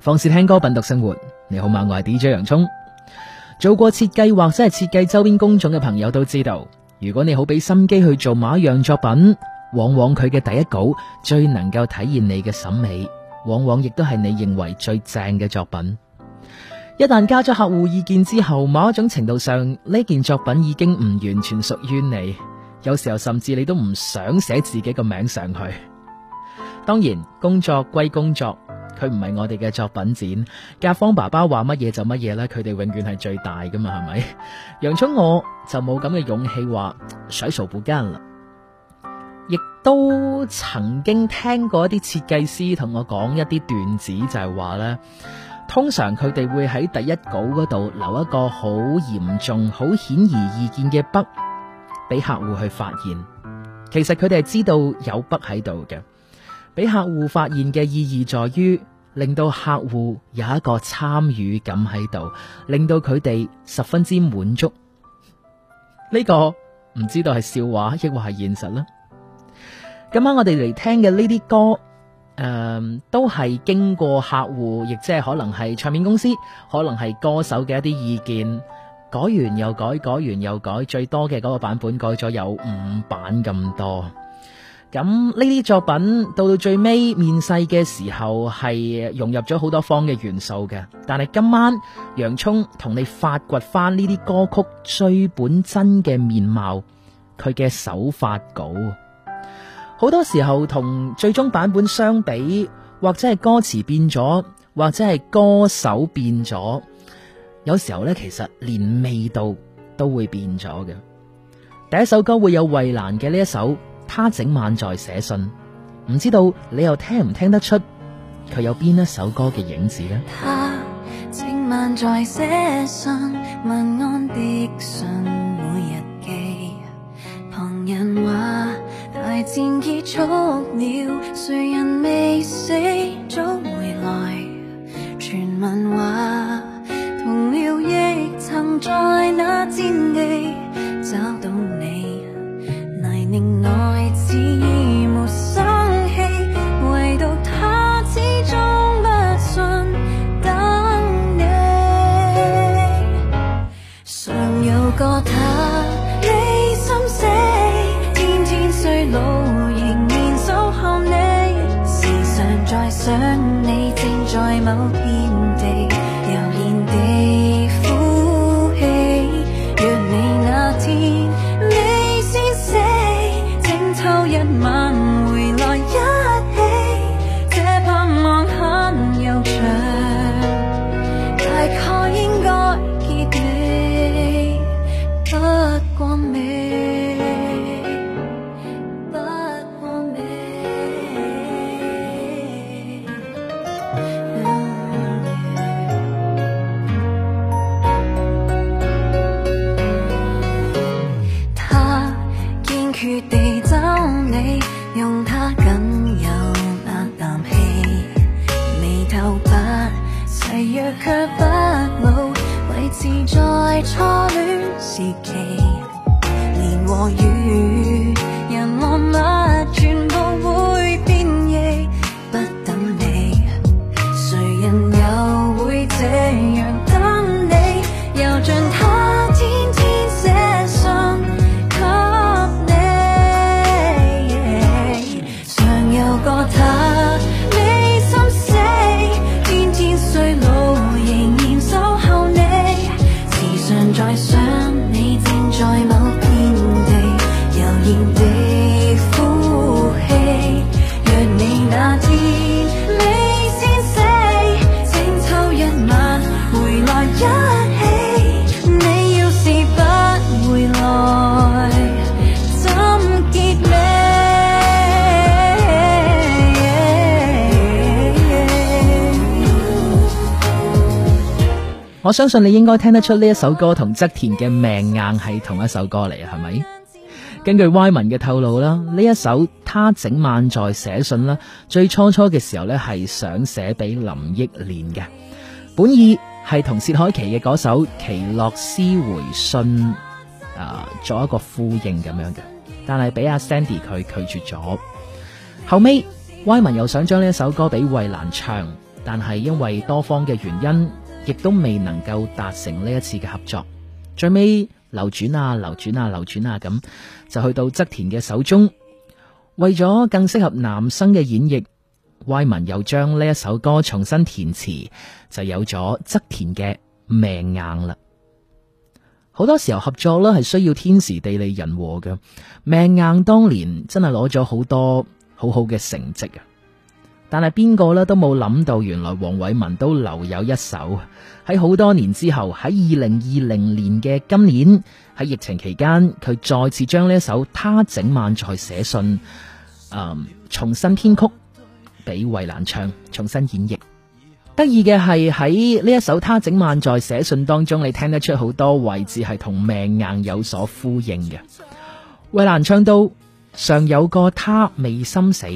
放肆聽歌，品讀生活。你好嗎，我係 DJ 洋蔥。做過設計或者係設計周邊工種嘅朋友都知道，如果你好俾心機去做某一樣作品，往往佢嘅第一稿最能夠體現你嘅審美，往往亦都係你認為最正嘅作品。一旦加咗客戶意見之後，某一種程度上呢件作品已經唔完全屬於你，有時候甚至你都唔想寫自己個名上去。當然，工作歸工作。佢唔係我哋嘅作品展，甲方爸爸話乜嘢就乜嘢啦，佢哋永遠係最大噶嘛，係咪？洋葱我就冇咁嘅勇氣話水草不根啦。亦都曾經聽過一啲設計師同我講一啲段子，就係話咧，通常佢哋會喺第一稿嗰度留一個好嚴重、好顯而易見嘅筆，俾客戶去發現。其實佢哋係知道有筆喺度嘅。俾客戶發現嘅意義，在於令到客戶有一個參與感喺度，令到佢哋十分之滿足。呢個唔知道係笑話抑或係現實啦。今晚我哋嚟聽嘅呢啲歌，誒、嗯，都係經過客戶，亦即係可能係唱片公司，可能係歌手嘅一啲意見，改完又改，改完又改，最多嘅嗰個版本改咗有五版咁多。咁呢啲作品到到最尾面世嘅時候，係融入咗好多方嘅元素嘅。但係今晚洋葱同你發掘翻呢啲歌曲最本真嘅面貌，佢嘅手法稿，好多時候同最終版本相比，或者係歌詞變咗，或者係歌手變咗，有時候咧其實連味道都會變咗嘅。第一首歌會有衛蘭嘅呢一首。他整晚在寫信，唔知道你又聽唔聽得出佢有邊一首歌嘅影子呢？他「他整晚在寫信，問安的信每日寄。旁人話大戰結束了，誰人未死早回來？傳聞話。我相信你應該聽得出呢一首歌同側田嘅命硬係同一首歌嚟，係咪？根據 Y 文嘅透露啦，呢一首他整晚在寫信啦，最初初嘅時候咧係想寫俾林憶蓮嘅，本意係同薛凱琪嘅嗰首《奇洛斯回信》啊、呃、作一個呼應咁樣嘅，但係俾阿 Sandy 佢拒絕咗。後尾 Y 文又想將呢一首歌俾衛蘭唱，但係因為多方嘅原因。亦都未能夠達成呢一次嘅合作，最尾流轉啊流轉啊流轉啊咁，就去到側田嘅手中。為咗更適合男生嘅演繹，韋文又將呢一首歌重新填詞，就有咗側田嘅命硬啦。好多時候合作啦係需要天時地利人和嘅，命硬當年真係攞咗好多好好嘅成績啊！但係邊個咧都冇諗到，原來黃偉文都留有一首喺好多年之後，喺二零二零年嘅今年，喺疫情期間，佢再次將呢一首《他整晚在寫信》嗯重新編曲俾衛蘭唱，重新演繹。得意嘅係喺呢一首《他整晚在寫信》當中，你聽得出好多位置係同命硬有所呼應嘅。衛蘭唱到尚有個他未心死。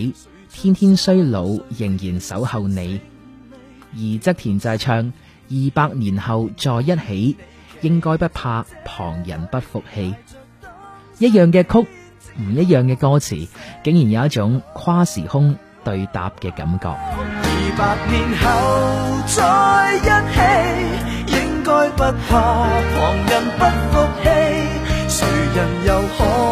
天天衰老，仍然守候你。而側田在唱，二百年後再一起，應該不怕旁人不服氣。一樣嘅曲，唔一樣嘅歌詞，竟然有一種跨時空對答嘅感覺。二百年後再一起，應該不怕旁人不服氣，誰人又可？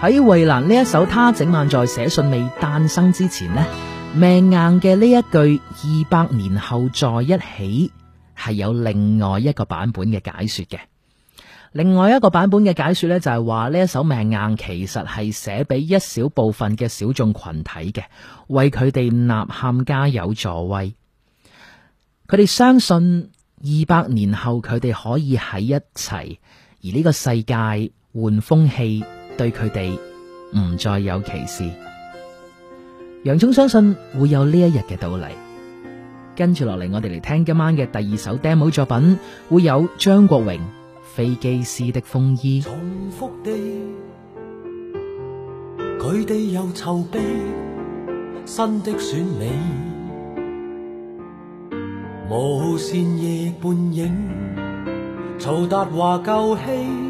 喺衛蘭呢一首他整晚在寫信未誕生之前呢，命硬嘅呢一句，二百年後再一起係有另外一個版本嘅解說嘅。另外一個版本嘅解說呢，就係話呢一首命硬其實係寫俾一小部分嘅小眾群體嘅，為佢哋吶喊加油助威。佢哋相信二百年後佢哋可以喺一齊，而呢個世界換風氣。對佢哋唔再有歧視，楊忠相信會有呢一日嘅到嚟。跟住落嚟，我哋嚟聽今晚嘅第二首 demo 作品，會有張國榮《飛機師的風衣》。佢哋有籌備新的選美，無線夜半影，曹達華舊戲。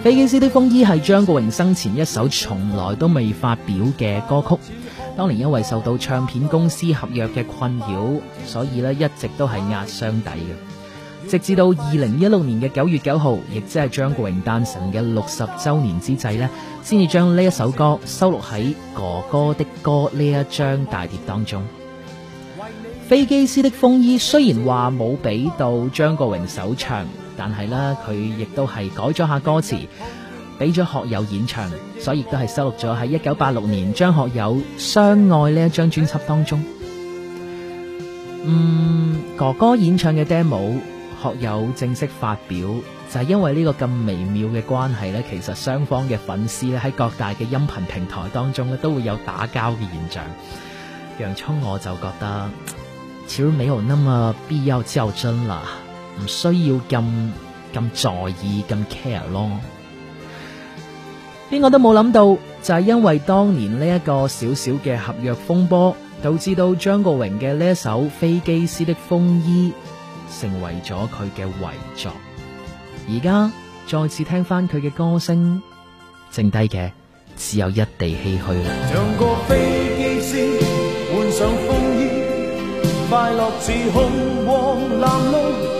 《飛機師的風衣》係張國榮生前一首從來都未發表嘅歌曲，當年因為受到唱片公司合約嘅困擾，所以咧一直都係壓箱底嘅。直至到二零一六年嘅九月九號，亦即係張國榮誕辰嘅六十週年之際咧，先至將呢一首歌收錄喺《哥哥的歌》呢一張大碟當中。《飛機師的風衣》雖然話冇俾到張國榮首唱。但係呢，佢亦都係改咗下歌詞，俾咗學友演唱，所以亦都係收錄咗喺一九八六年張學友《相愛》呢一張專輯當中。嗯，哥哥演唱嘅 demo，學友正式發表就係、是，因為呢個咁微妙嘅關係呢，其實雙方嘅粉絲咧，喺各大嘅音頻平台當中咧，都會有打交嘅現象。洋蔥我就覺得，其實沒有那麼必要之較真啦。唔需要咁咁在意，咁 care 咯。邊個都冇諗到，就係因為當年呢一個小小嘅合約風波，導致到張國榮嘅呢一首《飛機師的風衣》成為咗佢嘅遺作。而家再次聽翻佢嘅歌聲，剩低嘅只有一地唏噓。像個飛機師換上風衣，快樂似紅黃藍綠。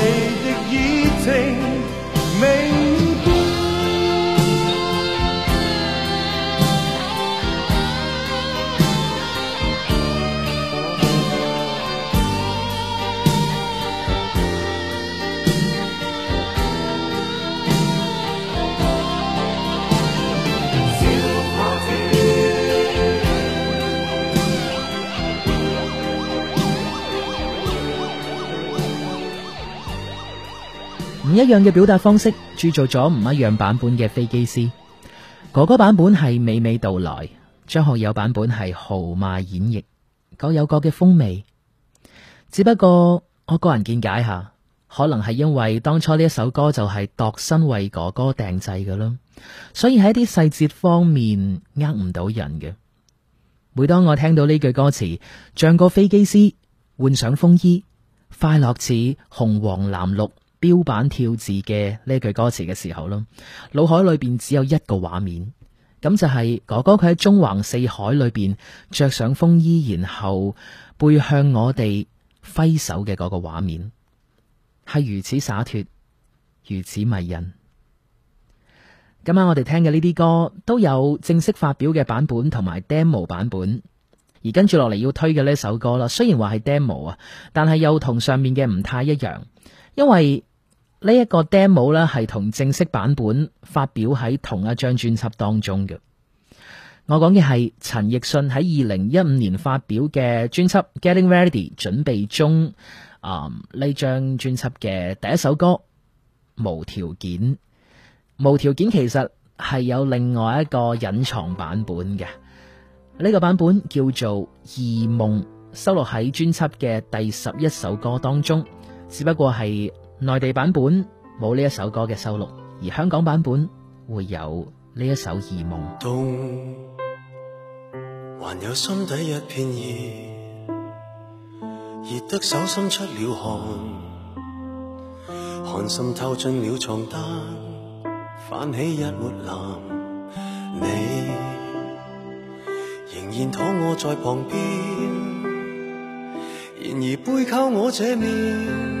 唔一樣嘅表達方式，鑄造咗唔一樣版本嘅飛機師。哥哥版本係娓娓道來，張學友版本係豪邁演繹，各有各嘅風味。只不過我個人見解下，可能係因為當初呢一首歌就係度身為哥哥訂製㗎咯，所以喺啲細節方面呃唔到人嘅。每當我聽到呢句歌詞，像個飛機師換上風衣，快樂似紅黃藍綠。標版跳字嘅呢句歌詞嘅時候咯，腦海裏邊只有一個畫面，咁就係哥哥佢喺中橫四海裏邊着上風衣，然後背向我哋揮手嘅嗰個畫面，係如此灑脫，如此迷人。今晚我哋聽嘅呢啲歌都有正式發表嘅版本同埋 demo 版本，而跟住落嚟要推嘅呢首歌啦，雖然話係 demo 啊，但係又同上面嘅唔太一樣，因為。呢一個 demo 咧，係同正式版本發表喺同一張專輯當中嘅。我講嘅係陳奕迅喺二零一五年發表嘅專輯《Getting Ready》準備中。啊、嗯，呢張專輯嘅第一首歌無條件，無條件，其實係有另外一個隱藏版本嘅。呢個版本叫做《異夢》，收錄喺專輯嘅第十一首歌當中，只不過係。內地版本冇呢一首歌嘅收錄，而香港版本會有呢一首《異夢》。冬，還有心底一片熱，熱得手心出了汗，汗滲透進了床單，泛起一抹藍。你仍然躺臥在旁邊，然而背靠我這面。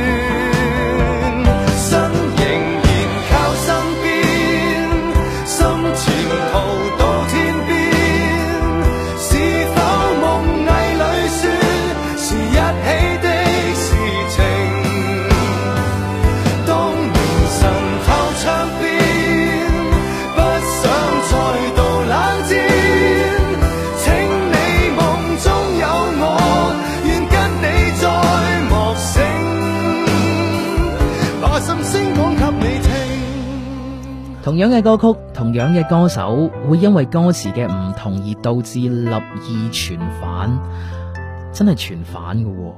歌曲同樣嘅歌手會因為歌詞嘅唔同而導致立意全反，真係全反嘅。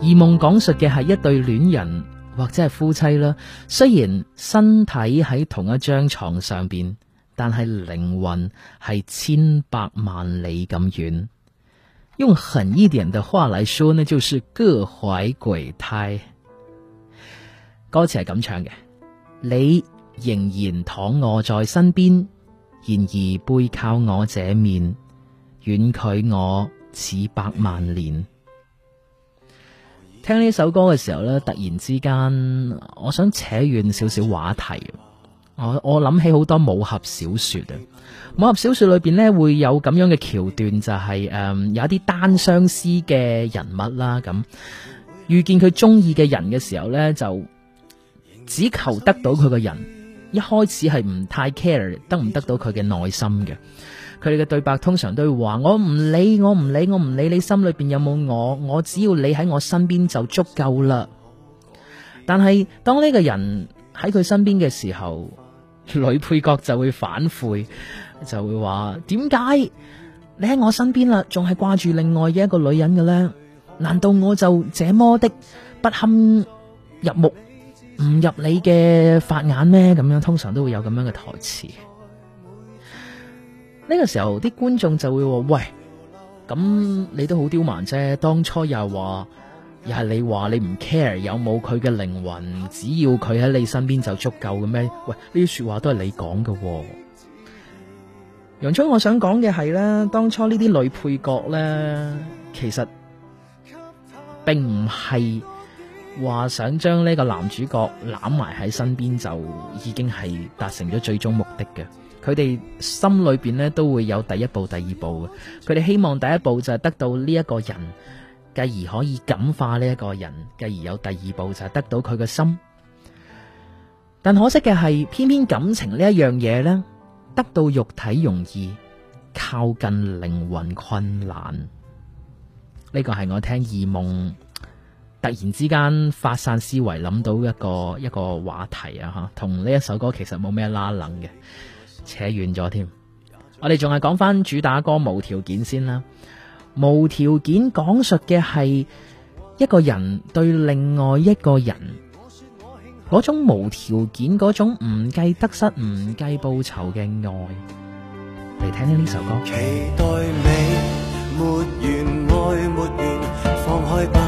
而夢講述嘅係一對戀人或者係夫妻啦，雖然身體喺同一張床上邊，但係靈魂係千百萬里咁遠。用狠一點嘅話來說呢，就是各懷鬼胎。歌詞係咁唱嘅，你。仍然躺臥在身邊，然而背靠我這面，遠距我似百萬年。聽呢首歌嘅時候咧，突然之間，我想扯遠少少話題。我我諗起好多武俠小說啊，武俠小說裏邊咧會有咁樣嘅橋段，就係、是、誒有一啲單相思嘅人物啦。咁遇見佢中意嘅人嘅時候咧，就只求得到佢個人。一開始係唔太 care 得唔得到佢嘅內心嘅，佢哋嘅對白通常都會話：我唔理，我唔理，我唔理，你心裏邊有冇我？我只要你喺我身邊就足夠啦。但係當呢個人喺佢身邊嘅時候，女配角就會反悔，就會話：點解你喺我身邊啦，仲係掛住另外一個女人嘅呢？難道我就這麼的不堪入目？唔入你嘅法眼咩？咁樣通常都會有咁樣嘅台詞。呢個時候啲觀眾就會話：喂，咁你都好刁蠻啫。當初又係話，又係你話你唔 care 有冇佢嘅靈魂，只要佢喺你身邊就足夠嘅咩？喂，呢啲說話都係你講嘅，哦。楊春，我想講嘅係咧，當初呢啲女配角咧，其實並唔係。話想將呢個男主角攬埋喺身邊，就已經係達成咗最終目的嘅。佢哋心裏邊咧都會有第一步、第二步嘅。佢哋希望第一步就係得到呢一個人，繼而可以感化呢一個人，繼而有第二步就係得到佢嘅心。但可惜嘅係，偏偏感情呢一樣嘢呢，得到肉體容易，靠近靈魂困難。呢、這個係我聽異夢。突然之間發散思維，諗到一個一個話題啊，吓，同呢一首歌其實冇咩拉冷嘅，扯遠咗添。我哋仲係講翻主打歌《無條件》先啦，《無條件》講述嘅係一個人對另外一個人嗰種無條件、嗰種唔計得失、唔計報酬嘅愛。嚟聽聽呢首歌。期待沒完，愛沒完，放開吧。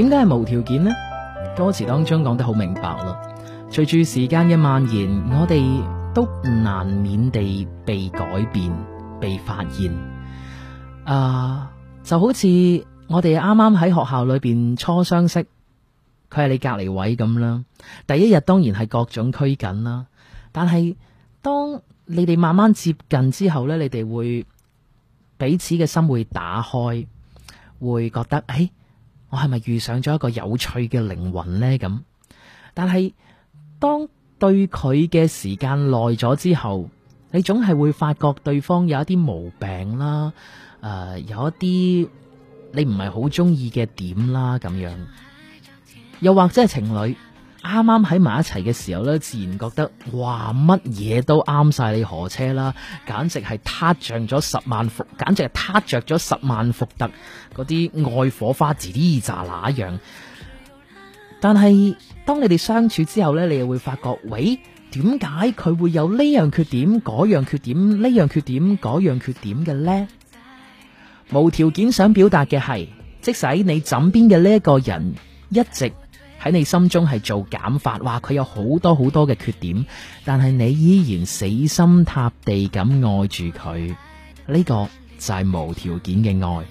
點解係無條件呢？歌詞當中講得好明白咯。隨住時間嘅蔓延，我哋都難免地被改變、被發現。啊、uh,，就好似我哋啱啱喺學校裏邊初相識，佢係你隔籬位咁啦。第一日當然係各種拘謹啦，但係當你哋慢慢接近之後呢，你哋會彼此嘅心會打開，會覺得誒。哎我係咪遇上咗一個有趣嘅靈魂呢？咁，但係當對佢嘅時間耐咗之後，你總係會發覺對方有一啲毛病啦，誒、呃，有一啲你唔係好中意嘅點啦，咁樣，又或者係情侶。啱啱喺埋一齊嘅時候呢，自然覺得哇，乜嘢都啱晒你何車啦，簡直係撻着咗十萬伏，簡直係撻着咗十萬伏特嗰啲愛火花，自呢咋那樣。但係當你哋相處之後呢，你又會發覺，喂，點解佢會有呢樣缺點，嗰樣缺點，呢樣缺點，嗰樣缺點嘅呢。無條件想表達嘅係，即使你枕邊嘅呢一個人一直。喺你心中係做減法，話佢有好多好多嘅缺點，但係你依然死心塌地咁愛住佢，呢個就係無條件嘅愛。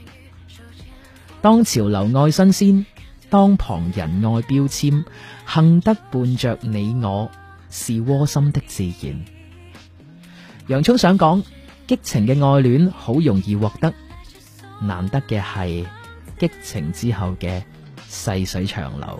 當潮流愛新鮮，當旁人愛標籤，幸得伴着你我，我是窩心的自然。洋蔥想講，激情嘅愛戀好容易獲得，難得嘅係激情之後嘅細水長流。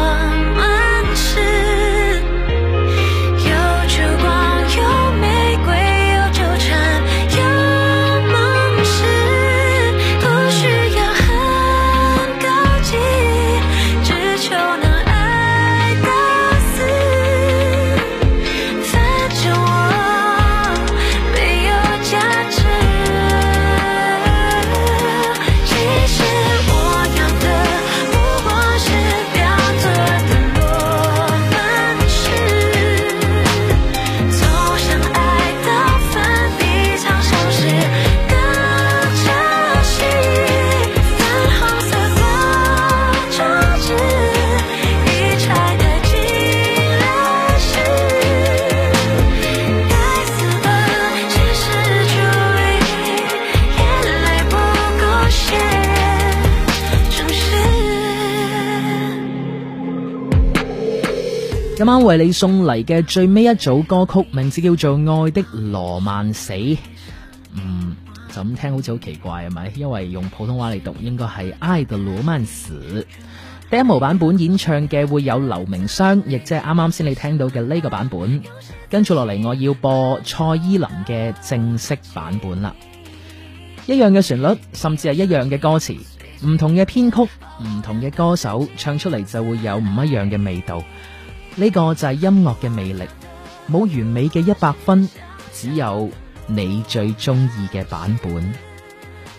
今晚為你送嚟嘅最尾一組歌曲，名字叫做《愛的羅曼死》。嗯，就咁聽好似好奇怪係咪？因為用普通話嚟讀應該係《愛的羅曼史》。Demo 版本演唱嘅會有劉明湘，亦即係啱啱先你聽到嘅呢個版本。跟住落嚟，我要播蔡依林嘅正式版本啦。一樣嘅旋律，甚至係一樣嘅歌詞，唔同嘅編曲，唔同嘅歌手唱出嚟就會有唔一樣嘅味道。呢、個就係音樂嘅魅力，冇完美嘅一百分，只有你最中意嘅版本。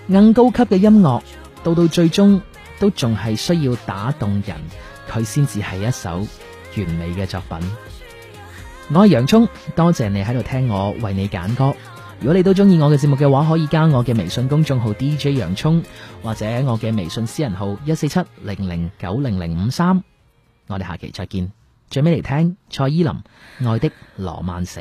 硬高級嘅音樂到到最終都仲係需要打動人，佢先至係一首完美嘅作品。我係洋蔥，多謝你喺度聽我為你揀歌。如果你都中意我嘅節目嘅話，可以加我嘅微信公眾號 DJ 洋蔥，或者我嘅微信私人號一四七零零九零零五三。我哋下期再見。最尾嚟聽蔡依林《愛的羅曼史》。